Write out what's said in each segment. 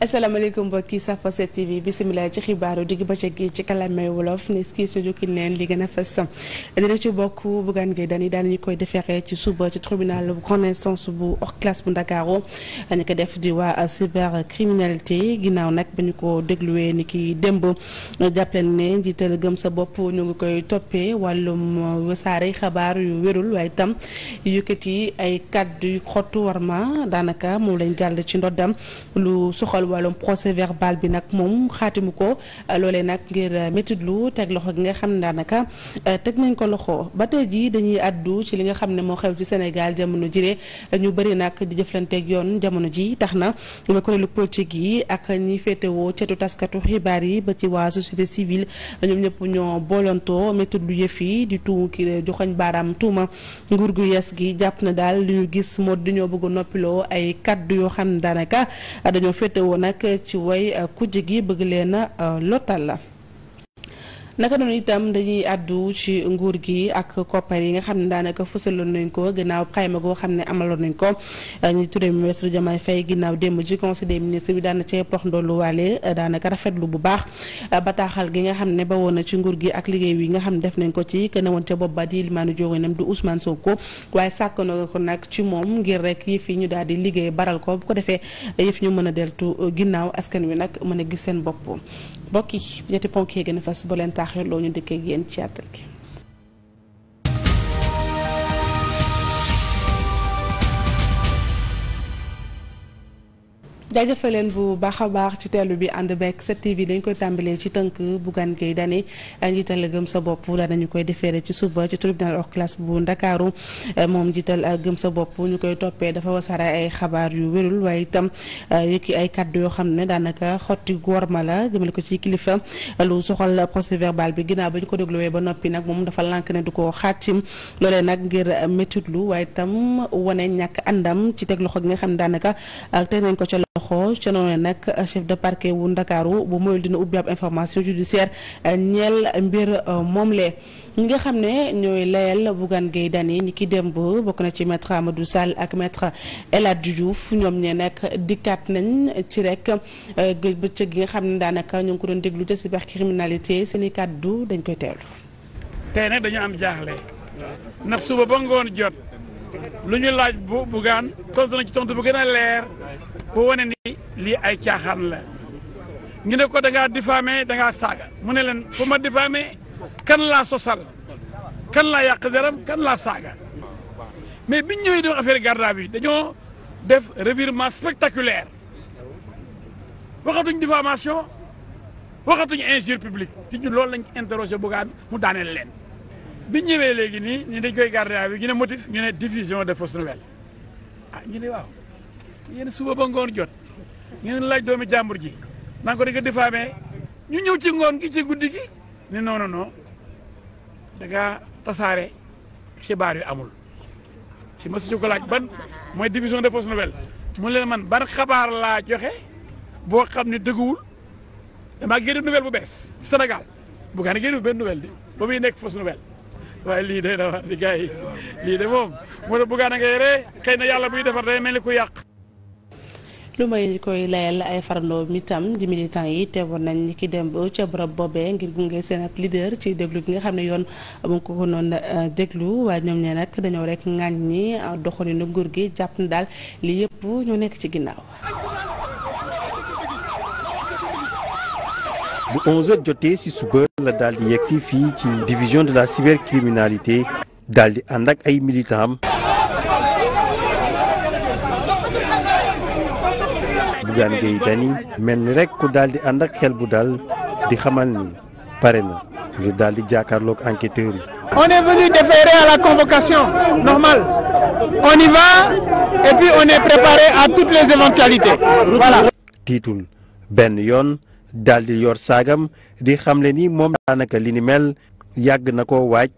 asalaamaaleykum mbokki safa 7 TV bisimilah ci xibaaru digg bëccëg gi ci kalamay wolof ne ski su jukki neen li gën a fës dina ci bokk Bougane Gueye Dany daal ñu koy deferee ci suba ci tribunal grande instance bu hors classe bu Ndakaaru ñu ko def di waa cybercriminalité ginnaaw nag ba ñu ko dégluwee ni ki démb jàppaleen ne njiital gëm sa bopp ñu ngi koy toppee wàllum wasaare xabaar yu wérul waaye itam yi ay kàddu yu xottu war ma daanaka moom lañ gàll ci ndoddam lu wàllum procès verbal bi nag moom xaatimu ko loolee nag ngir euh, métitlu teg loxo gi nga xam ne daanaka euh, teg nañ ko loxo ba tey jii dañuy addu ci li nga xam ne moo xew ci Sénégal jamono jile ñu bari nag di jëflanteeg yoon jamono ji tax na nga kuréelu politique yi ak ñi féetewoo cetu taskatu xibaar yi ba ci waa société civile ñoom ñëpp ñoo boolantoo métitlu yëf yi di tuum ki joxoñ baaraam tuuma nguur gu yes gi jàpp na daal li ñu gis moo di ñoo yoo nag ci woy euh, kuji gi bëgg leen a euh, lotal la naka noonu itam dañuy àddu ci nguur gi ak koppar yi nga xam ne daanaka fësaloon nañ ko gannaaw xayma goo xam ne amaloon nañ ko ñu tuddee ministre Diomaye Faye ginnaaw démb ci conseil des ministres bi daana cee pox ndoolu waale daanaka rafetlu bu baax bataaxal gi nga xam ne ba woon na ci nguur gi ak liggéey wi nga xam ne def nañ ko ci kën a woon ca bopp ba di limaanu jógoonam du Ousmane Sonko waaye sàkk na ko nag ci moom ngir rek yëf yi ñu daal di liggéey baral ko bu ko defee yëf ñu mën a deltu ginnaaw askan wi nag mën a gis seen bopp mbokk yi ñetti ponk yi gën a fas boo leen taaxirloo ñu dëkk ak yéen ci àttal gi jaajëfal leen bu baax a baax ci teelu bi ànd beeg 7TV dañ koy tàmbalee ci tënk Bougane Gueye Dany njiital gëm sa bopp daa nañu koy defeere ci suba ci tribunal hors classe bu Ndakaaru moom njiital gëm sa bopp ñu koy toppee dafa wasaare ay xabaar yu werul waaye itam eh, yëkki ay kàddu yoo xam ne daanaka xotti góor ma la jëmale ko ci kilifa lu soxal procès verbal bi ginnaaw ba ñu ko dégluwee ba noppi nag moom dafa lànk ne du ko xaatim loolee nag ngir méttitlu waaye itam wane ñàkk àndam ci teg loxo nga xam ne daanaka eh, teg nañ ko ca loxo ca noonu nag chef de parquet wu Ndakaaru bu moyul dina ubbi ab information judiciaire ñeel mbir euh, moomle ñi nga xam ne ñooy layal Bougane Gueye Dany ñi ki dem démb bokk na ci maître Amadou Sall ak maître El Hadji Diouf ñoom ñee nag dikkaat nañ ci rek euh, bëccëg gi nga xam ne daanaka ñoo ngi ko doon déglu ca cybercriminalité seen i kàddu dañ koy teewlu. tey nag dañu am jaaxle ndax suba ba ngoon jot. lu ñu laaj bu bugaan tontu na ci tontu bu gën a leer bu wane ni lii ay caaxaan la ñu ne ko da ngaa diffamé saaga mu ne leen fu ma diffamé kan laa sosal kan laa yàq deram kan laa saaga mais biñ ñëwee di affaire garde à vue dañoo def revirement spectaculaire waxatuñ diffamation waxatuñ injure publique ci ñun loolu lañ interrogé bugaan mu daaneel leen bi ñëwee léegi nii ñu dañ koy garder à vue ñu ne motif ñu ne de fausse nouvelle ah ñu ne waaw yéen suba ba ngoon jot ñu laaj doomi jàmbur ji naa ko di ko ñu ñëw ci ngoon gi ci guddi gi ne non non non da ngaa tasaare xibaar yi amul ci ma suñu ko laaj ban mooy diffusion de fausse nouvelle mu leen man ban xabaar laa joxe boo xam ne dëgguwul damaa génne nouvelle bu bees senegal bu gaa ne génne benn nouvelle di ba muy nekk fausse nouvelle waaye lii day na di gars lii de moom moo tax buggaan a ree xëy na yàlla buy defar day mel ni ku yàq lu may koy layal ay farandoo mi tam di militant yi teewoon nañ dem ca bërëb boobee ngir gunge seen ab leader ci déglu bi nga xam ne yoon mu ngi ko noon euh, déglu waaye ñoom ñee nag dañoo rek ŋàññi euh, doxalinu nguur gi jàpp na daal lii yëpp ñoo nekk ci ginnaaw bu 11h jotee si suba la daal di yegg fii ci division de la cybercriminalité daal di ànd ak ay militant am. Bougane mel ni rek ku daal di ànd ak xel bu dal di xamal ni pare na ngir daal di jàkkaarloog enquêteurs yi. on est venu déférer à la convocation normale on y va et puis on est préparé à toutes les éventualités voilà. tiitul benn yoon. daldi yor saagam di xamle ni moom daanaka li ni mel yàgg na ko waaj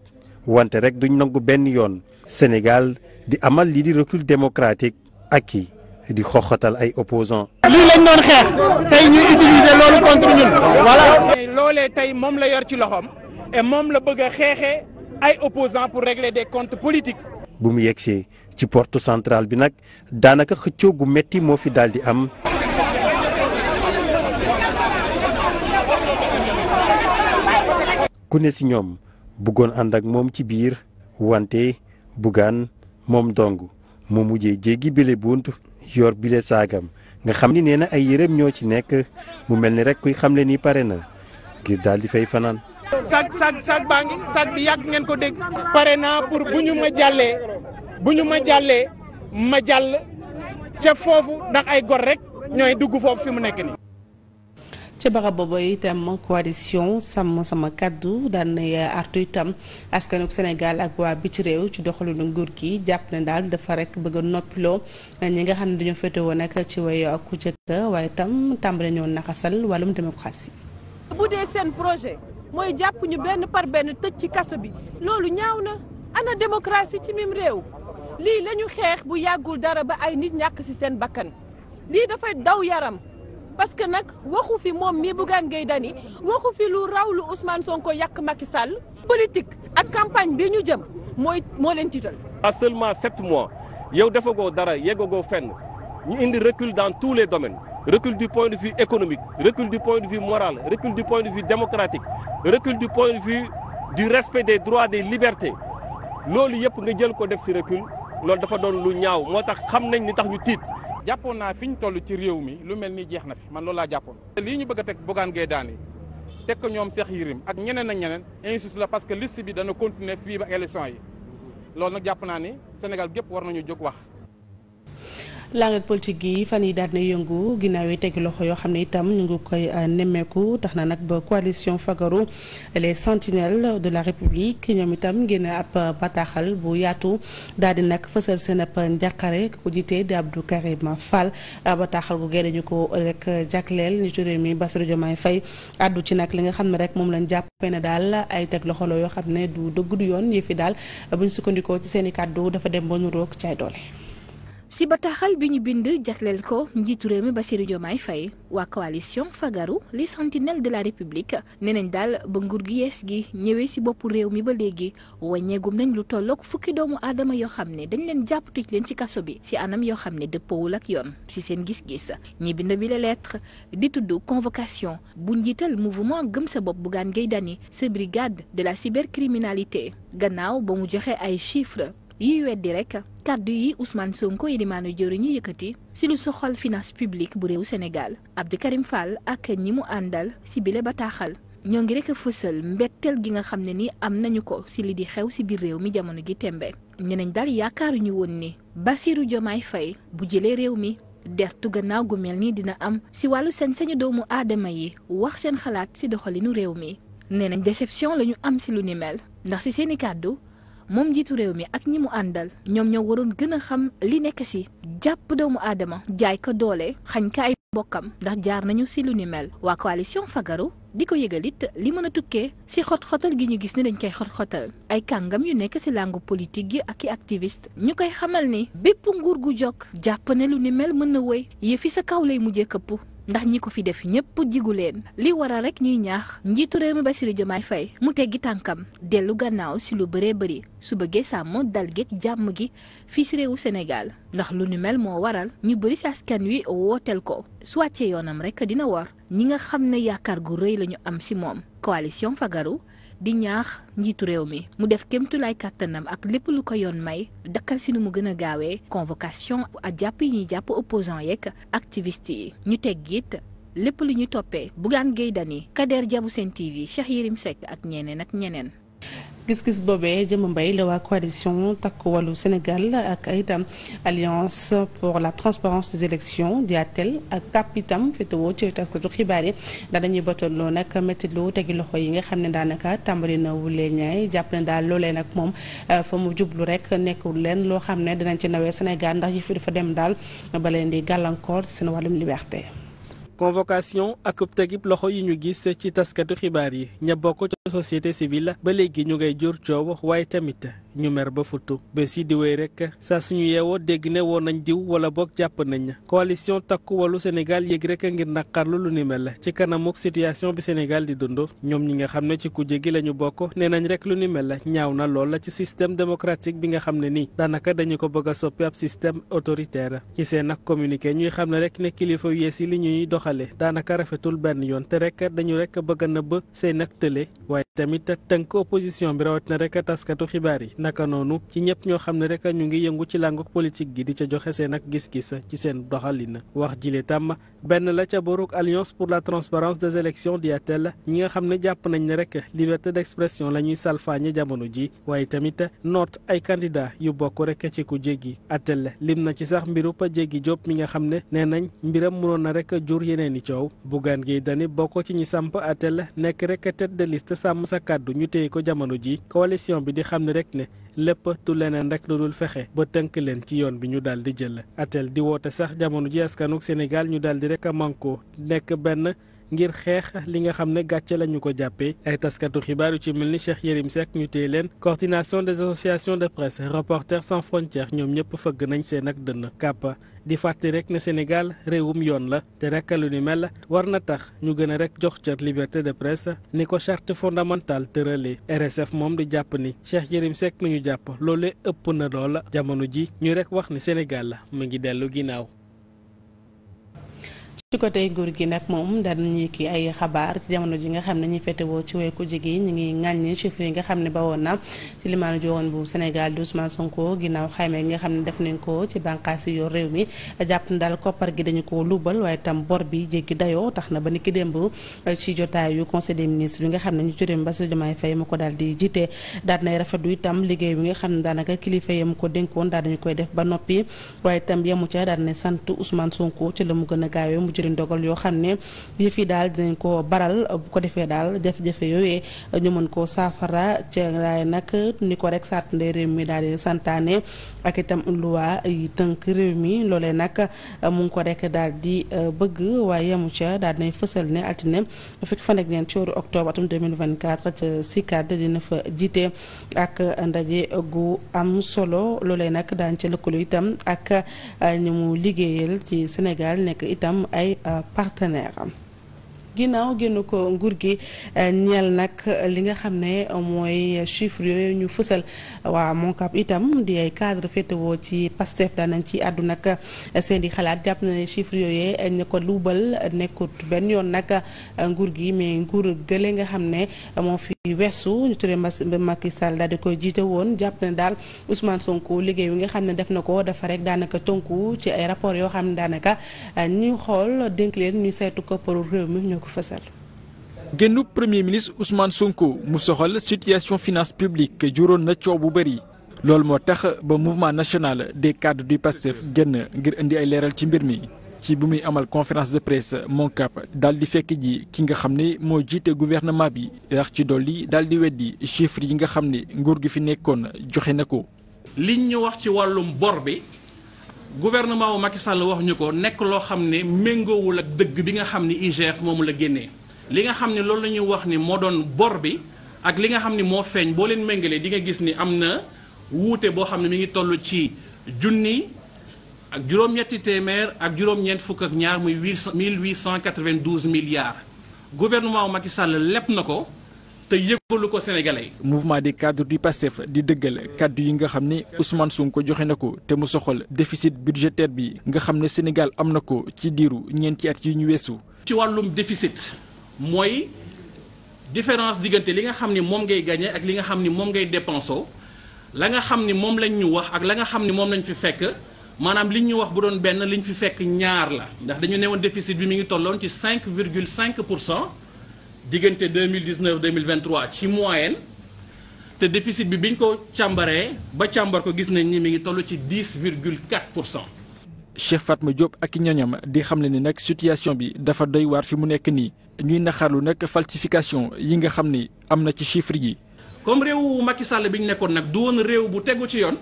wante rek duñ nangu benn yoon Sénégal di amal lii di recul démocratique ak ki di xoxatal ay opposants. lii lañ doon xeex tey ñu utiliser loolu contre ñun voilà. loolee tey moom la yor ci loxoom et moom la bëgg a xeexee ay opposants pour régler des comptes politiques. bu mu yegsee ci porte centrale bi nag daanaka xëccoo gu metti moo fi daal di am. ku ne si ñoom bëggoon ànd ak moom ci biir wante Bougane moom dong moo mujje jéggi bile bunt yor bile saagam nga xam ni nee na ay yéreem ñoo ci nekk mu mel ni rek kuy xamle ni pare na ngir daal di fay fanaan. sag sag sag baa ngi sag bi yàgg ngeen ko dégg. pare naa pour bu ñu ma jàllee bu ñu ma jàllee ma jàll ca foofu ndax ay gor rek ñooy dugg foofu fi mu nekk nii. ca barab boobu itam coalition sàmm sama kàddu daan artu itam askanu senegal ak waa bi ci réew ci doxalinu nguur gi jàpp ne daal dafa rekk bëgg a noppiloo ñi nga xam ne dañoo féete woon nag ci way ku jëkk waaye itam tàmbale ñoo naxasal wàllum démocratie. bu dee seen projet mooy jàpp ñu benn par benn tëj ci kaso bi loolu ñaaw na ana démocratie ci mim réew lii la xeex bu yàggul dara ba ay nit ñàkk ci seen bakkan lii dafay daw yaram. parce que nag waxu fi moom mii Bougane Gueye Dany waxu fi lu raw lu Ousmane Sonko yàq Macky Sall politique ak bi ñu jëm mooy moo leen tiital. à seulement sept mois yow defagoo dara yeggagoo fen ñu indi recul dans tous les domaines recul du point de vue économique recul du point de vue moral recul du point de vue démocratique recul du point de vue du respect des droits des libertés loolu yëpp nga jël ko def si recul loolu dafa doon lu ñaaw moo tax xam nañ ni tax ñu tiit. jàppoon naa fi ñu toll ci réew mi lu mel ni jeex na fi man loolu laa jàppoon. lii ñu bëgg teg Bougane Gueye Dany teg ñoom Cheikh Yérim ak ñeneen ak ñeneen injustice la parce que liste bi dana continuer fii ba élection yi loolu na jàpp naa ni Sénégal gépp war nañu jóg wax. langue politique gi fan yi daal na yëngu ginnaaw yi teg loxo yoo xam ne itam ñu ngi koy euh, nemmeeku tax na nag ba coalition fagaru les sentinelles de la république ñoom itam génn ab bataaxal bu yaatu daal di nag fësal seen ab njàqare ku jiite di Abdou Karim Fall bataaxal gu gee dañu ko rek jagleel nitu réew mi Bassirou Diomaye fay addu ci nag li nga xam ne rek moom lañ jàpp ne daal ay teg loxo la yoo xam ne du dëgg du yoon yëfi daal buñ sukkandikoo ci seen i kàddu dafa dem ba ñu roog caay doole si bataaxal bi ñu bind jagleel ko njiitu réew mi Bassirou Diomaye Faye waa coalition Fagaru les sentinelles de la République nee nañ daal ba nguur gi yees gi ñëwee si bopp réew mi ba léegi wàññeegum nañ lu tollook fukki doomu aadama yoo xam ne dañu leen jàpp tëj leen si kaso bi si anam yoo xam ne dëppoowul ak yoon si seen gis-gis ñi bind bi la lettre di tudd convocation bu njiital mouvement gëm sa bopp Bougane Gueye Dany sa brigade de la cybercriminalité gannaaw ba mu joxe ay chiffres yuy weddi rek kàddu yi Ousmane Sonko yilimaanu ñu yëkkati si lu soxal finance publique bu réew Sénégal Abdou Karim Fall ak ñi mu àndal si bile bataaxal ñoo ngi rek fësal mbetteel gi nga xam ne ni am nañu ko si li di xew si biir réew mi jamono gi tembe ñeneen daal ñu woon ni Bassirou jommaay Faye bu jëlee réew mi dertu gannaaw gu mel ni dina am si wàllu seen sañu doomu aadama yi wax seen xalaat si doxalinu réew mi nee nañ déception la ñu am si lu ni ndax si seeni kàddu moom njiitu réew mi ak ñi mu àndal ñoom ñoo waroon gën a xam li nekk si jàpp doomu aadama jaay ko doole xañ ka ay bokkam ndax jaar nañu si lu ni mel waa coalition fagaru di ko yëgal it li mën tukkee si xot-xotal gi ñu gis ne dañ koy xot-xotal ay kàngam yu nekk si làngu politique gi ak i activiste ñu koy xamal ni bépp nguur gu jokk jàpp ne lu ni mel mën na wéy yëfi sa kaw lay mujjee këpp ndax ñi ko fi def ñëpp jigu leen li waral rek ñuy ñaax njiitu réew mi Bassirou Diomaye Faye mu teggi tànkam dellu gannaaw si lu bëree bëri su bëggee sàmm dal geeg jàmm gi fii si réewu Sénégal ndax lu ni mel moo waral ñu bëri saskan askan wi wooteel ko su wàccee yoonam rek dina war ñi nga xam ne yaakaar gu rëy la ñu am si moom coalition Fagaru di ñaax njiitu réew mi mu def kémtulaay kàttanam ak lépp lu ko yoon may dakkal si nu mu gën a gaawee convocation ak jàpp yi ñuy jàpp opposant yeeg activiste yi ñu teg it lépp lu ñu toppee Bougane Gueye Dany Kader Diabou Sen TV Cheikh Yérim Seck ak ñeneen ak ñeneen gis-gis boobee jëm mbay la waa coalition takku wàllu Sénégal ak itam alliance pour la transparence des élections di atel ak kàpp itam féetewoo ci taskatu xibaar yi daal dañuy botaloo nag méttilu tegi loxo yi nga xam ne daanaka tàmbali na wulee ñaay jàpp ne daal loolee nag moom euh, fa mu jublu rek nekkul leen loo xam ne dinañ ci nawee Sénégal ndax yi fi dafa dem daal ba leen di gàllankoor seen wàllum liberté. convocation ak tegib loxo yi ñu gis ci taskatu xibaar yi ña bokk ci société civile ba léegi ñu ngay jur coow waaye tamit ñu mer ba futtu bés yi di wéy rek saa suñu yeewoo dégg ne woon nañ diw wala boog jàpp nañ ña coalition takk wàllu Sénégal yéeg rek ngir naqarlu lu ni mel ci kanamuk situation bi Sénégal di dund ñoom ñi nga xam ne ci ku gi la ñu bokk nee nañ rek lu ni mel ñaaw na lool la ci système démocratique bi nga xam ne nii daanaka dañu ko bëgg a soppi sistem système autoritaire ci seen nag communiqué ñuy xam ne rek ne kilifa yees yi li ñuy doxalee daanaka rafetul benn yoon te rek dañu rek bëgg a nëbb seen ak tële tamit tënk opposition bi rawatina rek taskatu xibaar yi naka noonu ci ñëpp ñoo xam ne rek ñu ngi yëngu ci làngug politique gi di ca joxe seen ak gis-gis ci seen doxalin wax jile tam benn la ca boruk alliance pour la transparence des élections di atel ñi nga xam ne jàpp nañ ne rek liberté d'expression la ñuy salfaañe jamono ji waaye tamit noot ay candidat yu bokk rek ci ku jéggi atel lim na ci sax mbiru pa jéggi Diop mi nga xam ne nee nañ mbiram mënoon na rek jur yeneen i coow sàmm sa kàddu ñu téye ko jamono ji coalition bi di xam ne rek ne lépp tu leneen rek lu dul fexe ba tënk leen ci yoon bi ñu daal di jël atel di woote sax jamono ji askanuk Sénégal ñu daal di rek a manko nekk benn ngir xeex li nga xam ne gàcce la ñu ko jàppee ay taskatu xibaar yu ci mel ni Cheikh Yérim Seck ñu téye leen coordination des associations de presse Reporters sans frontières ñoom ñëpp fëgg nañ seen ak dënn kàppa di fàttali rek ne Sénégal réewum yoon la te rek lu ni mel war na tax ñu gën a rek jox cër liberté de presse ni ko charte fondamentale tëralee RSF moom di jàpp ni Cheikh Yérim Seck mi ñu jàpp loole ëpp na loola jamono ji ñu rek wax ni Sénégal la mu ngi dellu ginnaaw. ci côté nguur gi nag moom daan nañu kii ay xabaar ci jamono ji nga xam ne ñi féetewoo ci wéy ko jigi ñi ngi ŋàññi chiffres yi nga xam ne bawoon na ci limaanu joxoon bu Sénégal di Ousmane Sonko ginnaaw xayma yi nga xam ne def nañ ko ci bànqaas yi yor réew mi jàpp na daal koppar gi dañu ko luubal waaye tam bor bi jéggi dayoo tax na ba niki démb ci jotaay yu conseil des bi nga xam ne ñu turéem Bassirou Diomaye Faye mu ko daal di jiite daal nay rafetlu itam liggéey bi nga xam ne daanaka kilifa yam ko dénkoon daal dañu koy def ba noppi waaye tam yemu ca sant Ousmane Sonko ci la mu gën a gaawee jël ndogal yoo xam ne yëf yi daal dinañ ko baral bu ko defee daal jafe-jafe yooyee ñu mën koo saafara ca raay nag ni ko rek saat ndey réew mi daal di santaane ak itam luwa yi tënk réew mi loolee nag mu ko rek daal di euh, bëgg waaye yemu ca daal dinañ fësal ne altine fekk fan ak ñeent cooru octobre atum 2024 ca CICAD dina fa jiite ak ndaje gu am solo loolee nag daan ca lëkkaloo itam ak euh, ñu mu liggéeyal ci Sénégal nekk itam ay ay euh, partenaire am ginnaaw génn ko nguur gi euh, ñeel nag li nga xam ne mooy chiffre yooyu ñu fësal waa Moncap itam di ay cadre féetewoo ci Pastef daanañ ci àddu nag euh, seen di xalaat jàpp na ne chiffre yooyu ñu ko luubal nekkut benn yoon nag nguur gi mais nguur gële nga xam ne moo fi weesu ñu tuddee Macky Sall daal di koy jiite woon jàpp ne daal Ousmane Sonko liggéey wi nga xam ne def na ko dafa rek daanaka tonku ci ay rapport yoo xam ne daanaka euh, ñu xool dénk leen ñu saytu ko pour réew mi ñoo ko fësal. génnu premier ministre Ousmane Sonko mu soxal situation finance publique juróon na coow bu bëri. loolu moo tax ba mouvement national des cadres du PASTEF génn ngir indi ay leeral ci mbir mi. ci bu muy amal conférence de presse Moncap daal di fekk ji ki nga xam ne moo jiite gouvernement bi rax ci dolli daal di weddi chiffres yi nga xam ne nguur gi fi nekkoon joxe na ko. liñ ñu wax ci wàllum bor bi gouvernement wu Macky Sall wax ñu ko nekk loo xam ne méngoowul ak dëgg bi nga xam ni IGF moomu la génnee li nga xam ne loolu la ñuy wax ni moo doon bor bi ak li nga xam ne moo feeñ boo leen méngalee di nga gis ni am na wuute boo xam ne mi ngi toll ci junni. ak juróom-ñetti téeméer ak juróom-ñeent fukk ak ñaar muy mille huit cent quatre-vingt-douze milliards gouvernement Macky Sall lépp na ko te yëgalu ko sénégalais mouvement des cadres du PASTEF di dëggal kàddu yi nga xam ne Ousmane Sonko joxe na ko te mu soxal déficit budgétaire bi nga xam ne Sénégal am na ko ci diiru ñeenti at yi ñu weesu. ci wàllum déficit mooy différence diggante li nga xam ni moom ngay gagné ak li nga xam ni moom ngay dépensé la nga xam ni moom lañ ñu wax ak la nga xam ni moom lañu fi fekk. maanaam li ñu wax bu doon benn li ñu fi fekk ñaar la ndax dañu newoon déficit bi mu ngi tolloon ci cinq virgule cinq pour cent diggante 2019 2023 ci moyenne te déficit bi biñ ko càmbaree ba càmbar ko gis nañ ni mi ngi toll ci 10 virgule 4 pour cent. Cheikh Fatma Diop ak ñoñam di xam ne ni nag situation bi dafa doy waar fi mu nekk nii ñuy naxarlu nag falsification yi nga xam ni am na ci chifre yi. comme réewu Macky Sall bi ñu nekkoon nag du réew bu tegu ci yoon.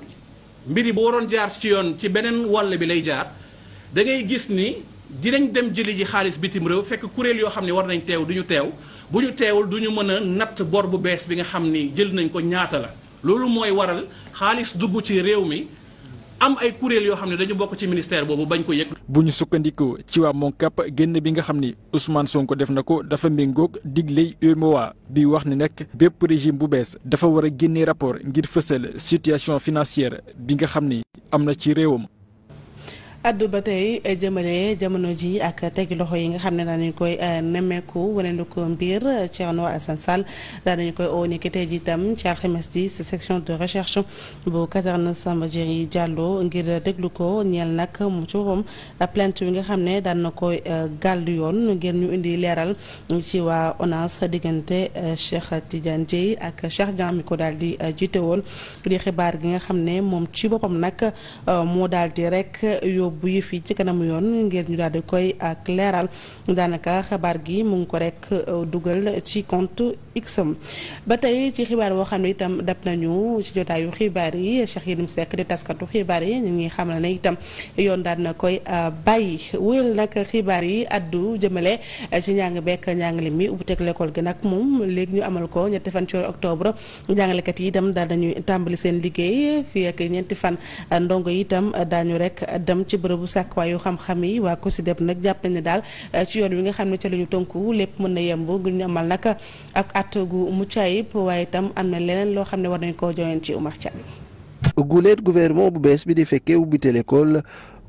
mbir yi bu waroon jaar ci yoon ci beneen wàll bi lay jaar da ngay gis ni dinañ dem jëli ji xaalis bitim réew fekk kuréel yoo xam ne war nañ teew duñu teew bu ñu teewul du ñu mën a natt bor bu bees bi nga xam ni jël nañ ko ñaata la loolu mooy waral xaalis dugg ci réew mi am ay kuréel yoo xam ne dañu bokk ci ministère boobu bañ ko yëg. bu ñu sukkandikoo ci waa Moncap génn bi nga xam ni Ousmane Sonko def na ko dafa méngóog digley UEMOA bi wax ni nag bépp régime bu bees dafa war a génnee rapport ngir fësal situation financière bi nga xam ni am na ci réewam. addu ba tey eh, jëmale jamono ji ak teg loxo yi nga xam ne daanañu koy eh, nemmeeku waneendu ko mbir eh, Thierno Alassane Sall daanañu koy oo ni ki tey ji itam ci alxames ji ci section de recherche bu caserne Samba Diéry Diallo ngir déglu ko ñeel nag mu coxam plainte yi nga xam ne daan na koy gàll yoon ngir ñu indi leeral ci waa ONAS diggante Cheikh Tidiane Dièye ak Cheikh Diam mi ko daal di jiite woon di xibaar gi nga xam ne moom ci boppam nag moo daal di yóbbu yi fii ci kanamu yoon ngir ñu daal di koy ak ah, leeral daanaka xabaar gi mu ngi ko rek euh, dugal ci compte xam ba tey ci xibaar boo xam ne itam dab nañu ci jotaayu xibaar yi Cheikh Yérim Seck di taskatu xibaar yi ñu ngi xamal ne itam yoon daan na koy ah, bàyyi wéyal nag xibaar yi addu jëmale eh, ci njàng bekk njàngale mi ubbi teg l'école gi nag moom léegi ñu amal ko ñetti fan ci octobre njàngalekat yi itam daal nañuy tàmbali seen liggéey fii ak ñeenti fan ndongo yi itam daañu rek dem ci bu bërëbu sàkkwaayu xam-xam yi waa COSYDEP nag jàpp nañ ne daal eh, ci yoon wi nga xam ne ca la ñu tënku lépp mën na yemb gu ñu amal nag ak at gu mucc ayib waaye itam am na leneen loo xam ne war nañ koo joyeen ci Oumar gu guleet gouvernement bu bees bi di fekkee ubbi télécole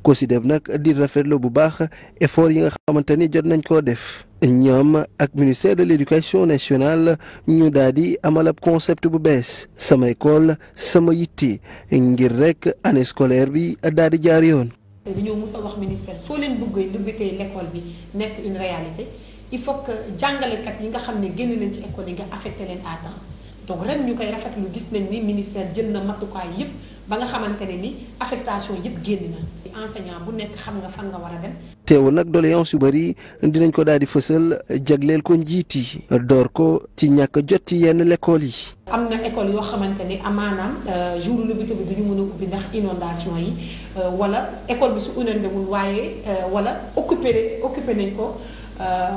COSYDEP nag di rafetlu bu baax effort yi nga xamante ni jot nañ koo def ñoom ak ministère de l'éducation nationale ñu daal di amal ab concept bu bees sama école sama yitti ngir rek année bi daal di jaar yoon dañoo mus a wax ministère soo leen bëggee liggéey lekkool bi nekk une réalité il faut que jàngalekat yi nga xam ne génn leen ci école yi nga affecté leen à donc ren ñu koy rafet rafetlu gis nañ ni ministère jël na matukaay yépp ba nga xamante ne ni affectation yëpp génn na enseignant bu nekk xam nga fan nga war a dem. teewul nag doléance yu bëri dinañ ko daal di fësal jagleel ko njiit yi door ko ci ñàkk jot ci yenn lekkool yi. am na école yoo xamante ne amaanaam euh, jour lubito bi du ñu mën a ubbi ndax inondation yi euh, wala école bi su inondé waaye euh, wala occupé occupé nañ ko. Euh,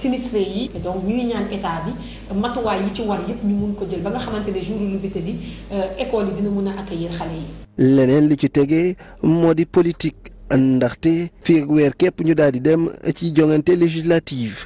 sinistré yi donc ñuy ñaan état bi matuwaay yi ci war yëpp ñu mun ko jël ba nga xamante ne jour lu bité bi euh, école yi dina mun a accueillir xale yi leneen lu ci tegee moo di politique ndaxte fii ak weer képp ñu daal di dem ci joŋante législative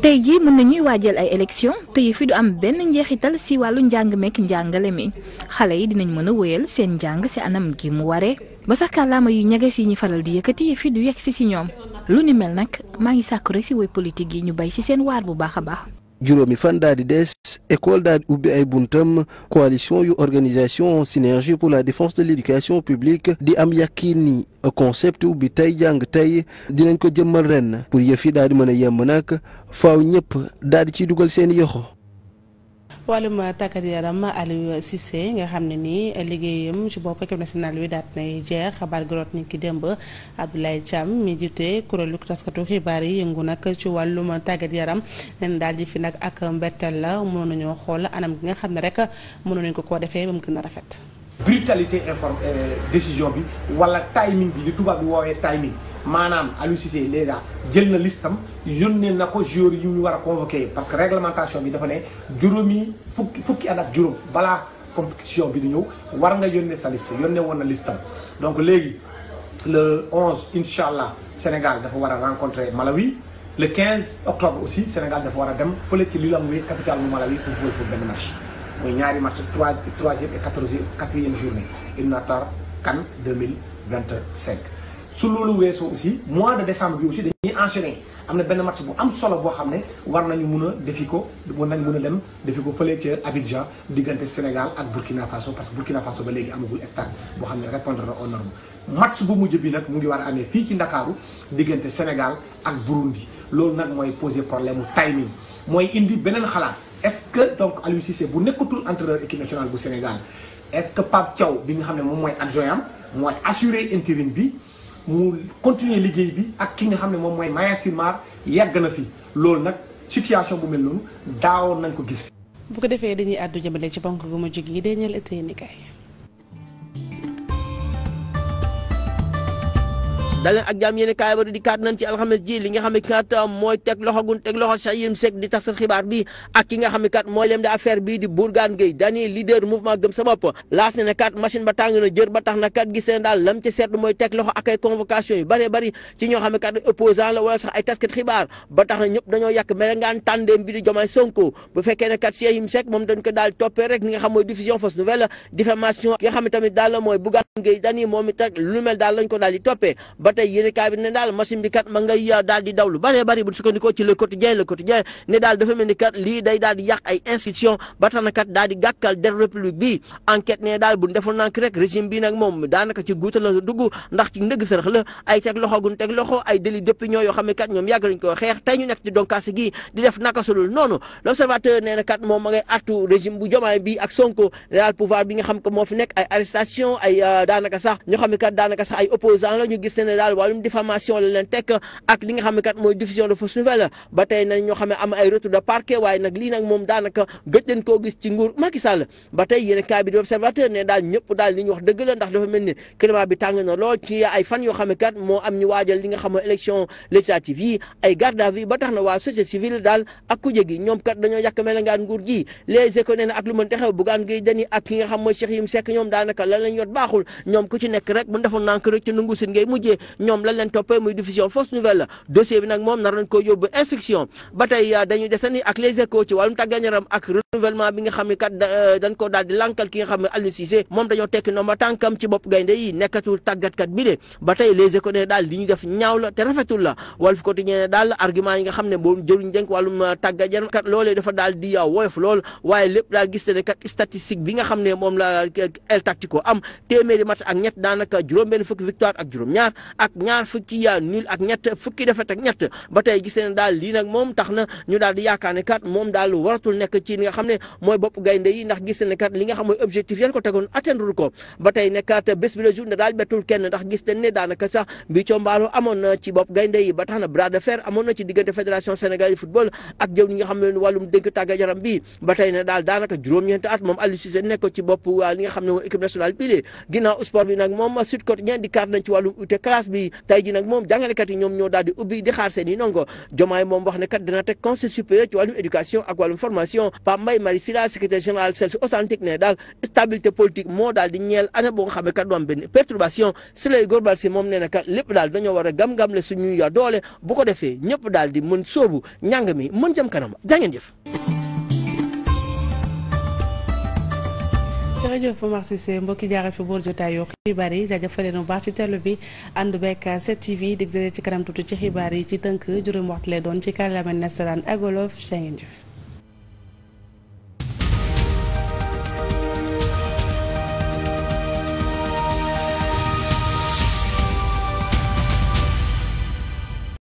tey jii mën na ñuy waajal ay élections te yi fi du am benn njeexital si wàllu njàng mekk njàngale mi xale yi dinañ mën a woyal seen njàng si anam gi mu waree ba sax kàllaama yu ñagas yi ñu faral di yëkkati yi fi du si ñoom lu ni mel nag maa ngi sàkku rek si politique yi ñu bay si seen waar bu baax a baax. juróomi fan daal di des école daal di ubbi ay buntam coalition yu organisation synergie pour la défense de l'éducation publique di am yàqin ni concept ubbi tey jàng tey dinañ ko jëmmal ren pour yëf yi daal di mën a yemb nag faaw ñëpp daal di ciy dugal seeni yoxo wàllum tàggat yaram Aliou Cissé nga xam ne nii liggéeyam ci bopp équipe nationale bi daat nay jeex xabaar gi root ni ki démb Abdoulaye Thiam mi jiite kuréelu taskatu xibaar yi yëngu nag ci wàllum tàggat yaram nen daal di fi nag ak mbettel la mënoon ñoo xool anam gi nga xam ne rek mënoon nañu ko koo defee ba mu gën a rafet. brutalité informe euh, décision bi wala timing bi li tubaab woowee timing. maanaam Aliou Cissé jël na listam yónnee na ko joueurs yi ñu war a convoqué parce que réglementation bi dafa ne juróomi fukki fukki at ak juróom balaa compétition bi di ñëw war nga yónnee sa liste yónnee woon na listam donc léegi le 11 incha allah Sénégal dafa war a rencontrer Malawi le 15 octobre aussi Sénégal dafa war a dem fële ci Lilongwe capitale bu Malawi pour jouer pour benn match mooy ñaari match trois troisième et quatorzième quatrième journée il n' attend CAN 2025. su loolu weesoo aussi mois de décembre bi aussi dañuy enchaîner am na benn match bu am solo boo xam ne war nañu mun a defi ko war nañu mun a dem defi ko fële ca Abidjan diggante Sénégal ak Burkina Faso parce que Burkina Faso ba léegi amagul stade boo xam ne répondre na aux normes match bu mujj bi nag mu ngi war a amee fii ci Ndakaaru Sénégal ak Burundi loolu nag mooy poser problème mu timing mooy indi beneen xalaat est-ce que donc Aliou Cissé bu nekkatul entre équipe nationale bu Sénégal est-ce que Pape Thiaw bi nga xam ne moom mooy adjoint am mooy assurer intérim bi. mu continuer liggéey bi ak ki nga xam ne moom mooy Mayacine Mar yàgg na fi loolu nag situation bu mel noonu daawoon nañ ko gis. bu ko defee dañuy àddu jëmale ci banque gu ma jóg yi dee ñeel ëtt yi daleen ak jàmm yéen kaay ba di kaat nañ ci alxames ji li nga xam ne uh, mooy teg loxo gun teg loxo Cheikh Yérim Seck di tasal xibaar bi ak ki nga xam ne mooy lem loxo ak ay convocation yu bëree bëri ci ñoo xam ne kat la wala sax ay taskat xibaar ba tax na ñëpp dañoo yàq melengaan tàndeem bi di Diomaye Sonko bu fekkee ne kat Cheikh Yérim Seck moom dañ ko daal toppee rek li nga mooy diffusion fausse nouvelle diffamation ki xam tamit daal mooy Bourgane tey yéen kaay bi ne daal machine bi kat ma ngay euh, daal di daw lu bëree bëri bu sukkandikoo ci le quotidien le quotidien ne daal dafa mel ni kat lii daal di yàq ay institution ba kat daal di gàkkal der république bi enquête ne daal bu deful nank rek régime bi nag moom daanaka ne kat moom ma ngay artu régime bu jomaay bi ak sonko daal pouvoir bi nga xam ko moo nekk ay arrestation ay euh, daanaka sax ñoo xam ne kat daanaka sax ay opposant la ñu gis ne daal wàllum diffamation la leen teg ak li nga xam ne kat mooy diffusion de fausse nouvelle ba tey ñoo xam am ay retour de parquet waaye nag lii nag moom daanaka gëj leen koo gis ci nguur Macky Sall ba tey yéen di observateur ne daal ñëpp daal li wax dëgg ndax dafa mel ni climat bi na lool ci ay fan yoo xam ne moo am ñu waajal li nga xam ne élection législative ay garde à vue ba na waa société civile daal ak ku jégi ñoom kat dañoo yàq melengaan nguur gi les éco nee ak lu mën te ñoom lañ leen toppee muy diffusion fausse nouvelle dossier bi nag moom nar nañ ko yóbbu instruction ba tey ah, dañuy desani ak les échos ci wàllum tàggat yaram ak renouvellement bi nga xam ne kat euh, dañ ko daal di lankal ki nga xam ne Aliou moom dañoo tekki nomba tànkam ci bopp gaynde yi nekkatul tàggatkat bi de tey les échos daal li ñu def ñaaw la te rafetul la Walf Quotidien daal argument yi nga xam ne boo jëruñ dénk wàllum euh, tàggat yaram kat loolee dafa daal di euh, woyof lool waaye lépp daal gis ne kat statistique bi nga xam ne moom la El Tactico am téeméeri match ak ñett daanaka juróom benn fukki victoire ak juróom ñaar ak ñaar fukki yaa nul ak ñett fukki defet ak ñett ba tey gisee ne daal lii nag moom tax na ñu daal di yaakaar ne kat moom daal waratul nekk ci li nga xam ne mooy bopp gaynde yi ndax gisee ne kat li nga xam mooy objectif yan ko tegoon atteindre ko ba tey ne kat bés bi la journée daal bettul kenn ndax gis nañ ne daanaka sax bi combaaloo amoon na ci bopp gaynde yi ba tax na bras de fer amoon na ci diggante fédération sénégalaise de football ak jëw ñi nga xam ne wàllum dégg tàggat yaram bi ba tey ne daal daanaka juróom-ñeenti at moom Aliou Cissé nekk ci bopp li nga xam ne mooy équipe nationale bi ginnaaw sport bi nag moom Sud Quotidien di kaat nañ ci wàllum ute classe bi tey ji nag moom jàngalekat yi ñoom ñoo daal di ubbi di xaar seen i jomaay moom wax ne kat dina teg conseil supérieur ci wàllum éducation ak wàllum formation Pape Mbaye Marie Sylla secrétaire général CELS authentique ne daal stabilité politique moo daal di ñeel ana boo nga xam ne kat du am benn perturbation si lay góorbal si moom nee na kat lépp daal dañoo war a gam-gam le suñu ya doole bu ko defee ñëpp daal di mën soobu njàng mi mën jëm kanam jaa ngeen jëf jërëjëf Omar Cissé mbokki jaara fi boor jotaay yoo xibaar yi jaajëfale na bu baax ci tellu bi ànd bekk 7TV dig daje ci kanam tuuti ci xibaar yi ci tënk juróom waxtu lay doon ci kàllaama nasaraan ak wolof jëf